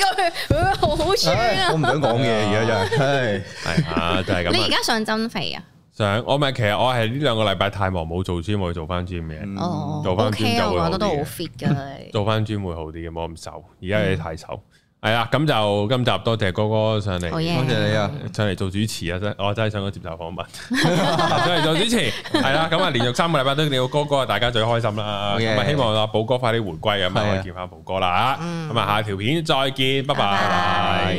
Speaker 2: 個，好串啊！
Speaker 1: 我唔想講嘢，而家就係係啊，就係咁。你而家
Speaker 2: 想增肥啊？
Speaker 1: 上我咪，其實我係呢兩個禮拜太忙冇做 gym，先冇做翻 gym 嘢，嗯、做翻 gym 就覺得好
Speaker 2: fit 啲。
Speaker 1: 做翻 gym 會好啲嘅，冇咁瘦。而、okay，家、嗯、你太瘦，係啊，咁就今集多謝哥哥上嚟，多謝你啊，上嚟做主持啊，真我真係上咗接受訪問， <laughs> 上嚟做主持。係啦，咁啊連續三個禮拜都見到哥哥，大家最開心啦。咁啊希望阿寶哥快啲回歸啊，咁啊見翻寶哥啦嚇。咁啊、嗯、下條片再見，拜拜。拜拜。